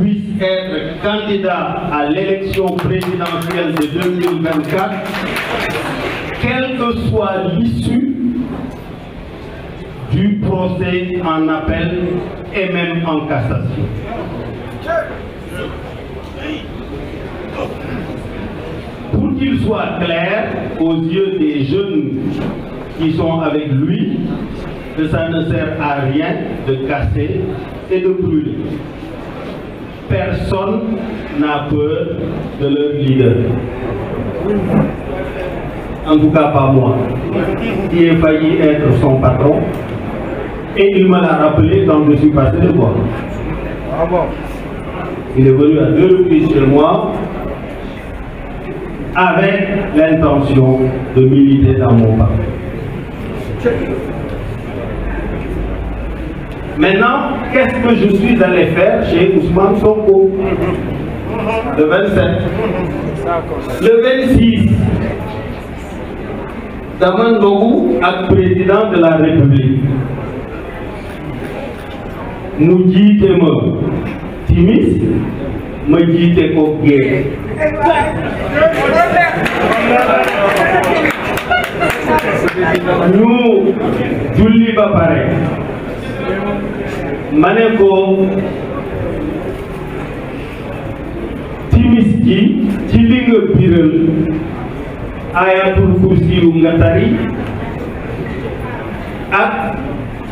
puisse être candidat à l'élection présidentielle de 2024, que soit l'issue du procès en appel et même en cassation. Pour qu'il soit clair aux yeux des jeunes qui sont avec lui, que ça ne sert à rien de casser et de brûler. personne n'a peur de leur leader. En tout cas pas moi, qui ai failli être son patron. Et il me l'a rappelé quand je suis passé de voir. Il est venu à deux reprises chez moi avec l'intention de militer dans mon parti. Maintenant, qu'est-ce que je suis allé faire chez Ousmane Sonko Le 27. Le 26. Daman Dogu, ak président de la République. Nous disons timide, ma jiite ko géej ñu julli ba pare ma ne ko timis ji ci li nga biral ayatul kursi yu ak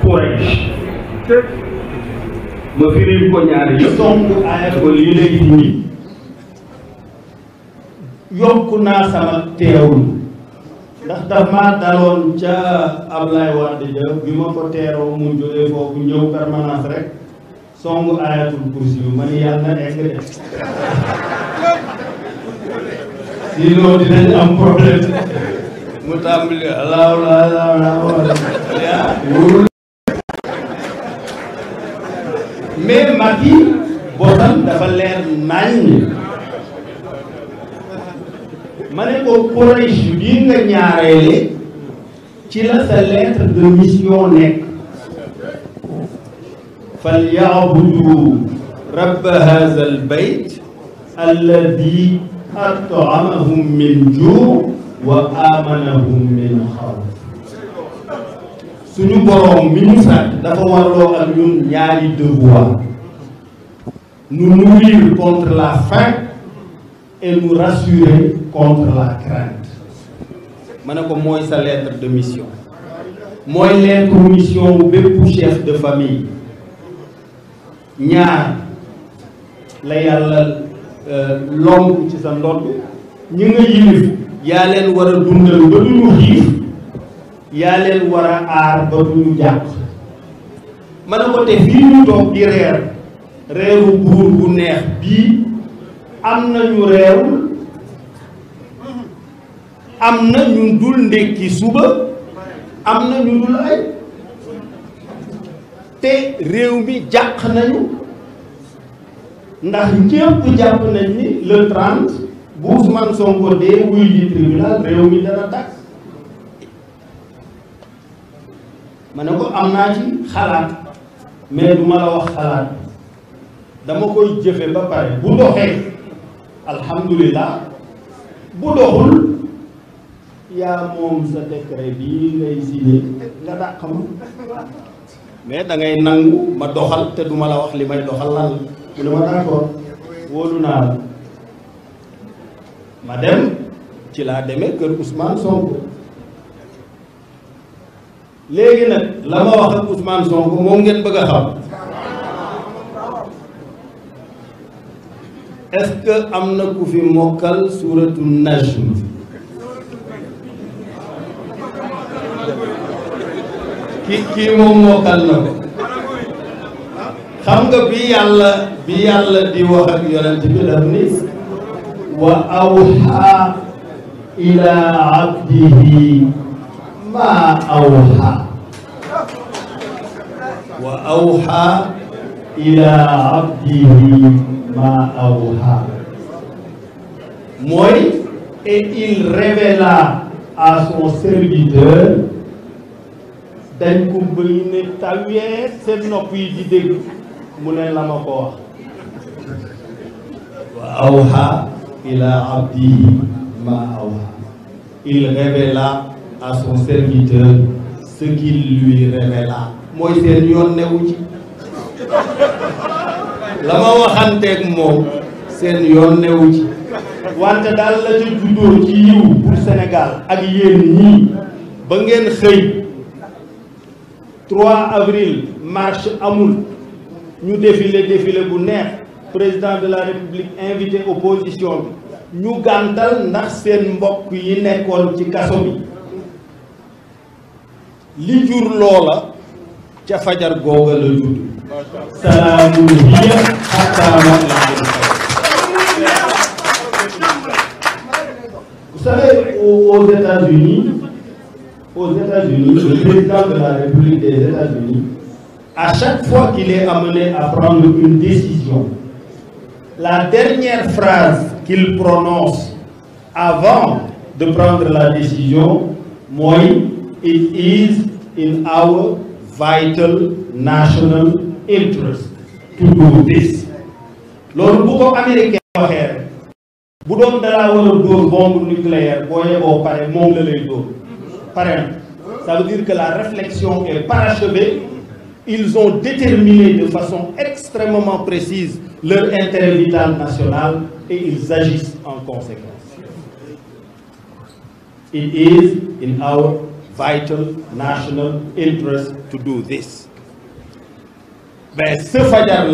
Quraysh ma firil ko ñaari yëpp donc ayat ko lii lay dindi yokku naa ndax daf maa daloon ca Ablaye Wade ja bi ma ko teeroo mu jógee foofu ñëw permanence rek songu ayatul kursi yu ma ni yàlla na egg de sinon dinañ am problème mu tàmbali allahu la allahu la mais Macky bosam dafa leer nañ ma ne ko Quraysh yi nga ñaareele ci la sa lettre de mission nekk fal ya'budu rabba haza al bayt alladi at'amahum min juu wa amanahum min xawf suñu boroom mi ñu sàkk dafa warloo ak ñun ñaari devoir nous nourrir contre la faim et nous contre la crainte ma ne ko mooy sa lettre de mission mooy lettre mission bu bépp chef de famille ñaar la yàlla euh, lomb ci sa ndodd ñi nga yilif yaa leen war a dundal ba du ñu yaa leen war a aar ba du jàpp ma ne ko te fii ñu toog di reer reeru buur bu neex bii am na ñu reerul am na ñu dul ndékki suba am na ñu dul ay te réew mi jàq nañu ndax ñépp jàpp nañ ni le 30 bu Ousmane Sonko dee wuy ji tribunal réew mi dana tàkk ma ne ko am naa ci xalaat mais du la wax xalaat dama koy jëfe ba pare bu doxee alhamdulilah bu doxul yaa moom sa décret bii ngay signé nga dàq ma mais dangay ngay nangu ma doxal te duma la wax li may doxal lan mu ne ma d'accord wóolu naa la ma dem ci laa deme kër Ousmane Sonko léegi nag la ma wax ak Ousmane Sonko moom ngeen bëgg a xam est-ce que am na ku fi mokkal suuratu najm ki kii moom mokkal na ko xam nga bi yàlla bi yàlla di wax ak yonent bi daf ni wa awxaa ilaa abdihi maa awxaa wa awxaa ilaa abdihi ma awha mooy et il révéla à son serviteur dañ ko ne tawee seen nopp yi mu ne la ma ko wax ma awha il révéla à son serviteur ce qu'il lui révéla mooy seen yoon newu ci la ma waxanteeg moom seen yoon newu ci wante daal la ca juddoo ci yiw pour Sénégal ak yéen ñii ba ngeen xëy 3 avril marche amul ñu défilé défilé bu neex président de la république invité opposition bi ñu gàntal ndax seen mbokk yi nekkoon ci kaso bi li jur loola ca fajar googa la judd salaamun hiya hattaa matla'il Vous savez, aux États-Unis, aux États-Unis, le président de la République des États-Unis, à chaque fois qu'il est amené à prendre une décision, la dernière phrase qu'il prononce avant de prendre la décision, moi, it is in our vital national interest to veut dire que la réflexion est parachevée ils ont déterminé de façon extrêmement précise leur intérêt vital national et ils agissent en conséquence it is in our vital national interest to do this ben ce fajar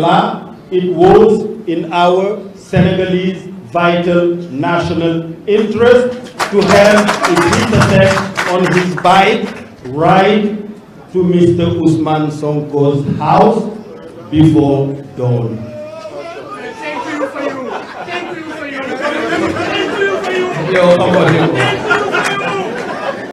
it was in our Senegalese vital national interest to have a visitor on his bike ride to Mr. Ousmane Sonko's house before dawn.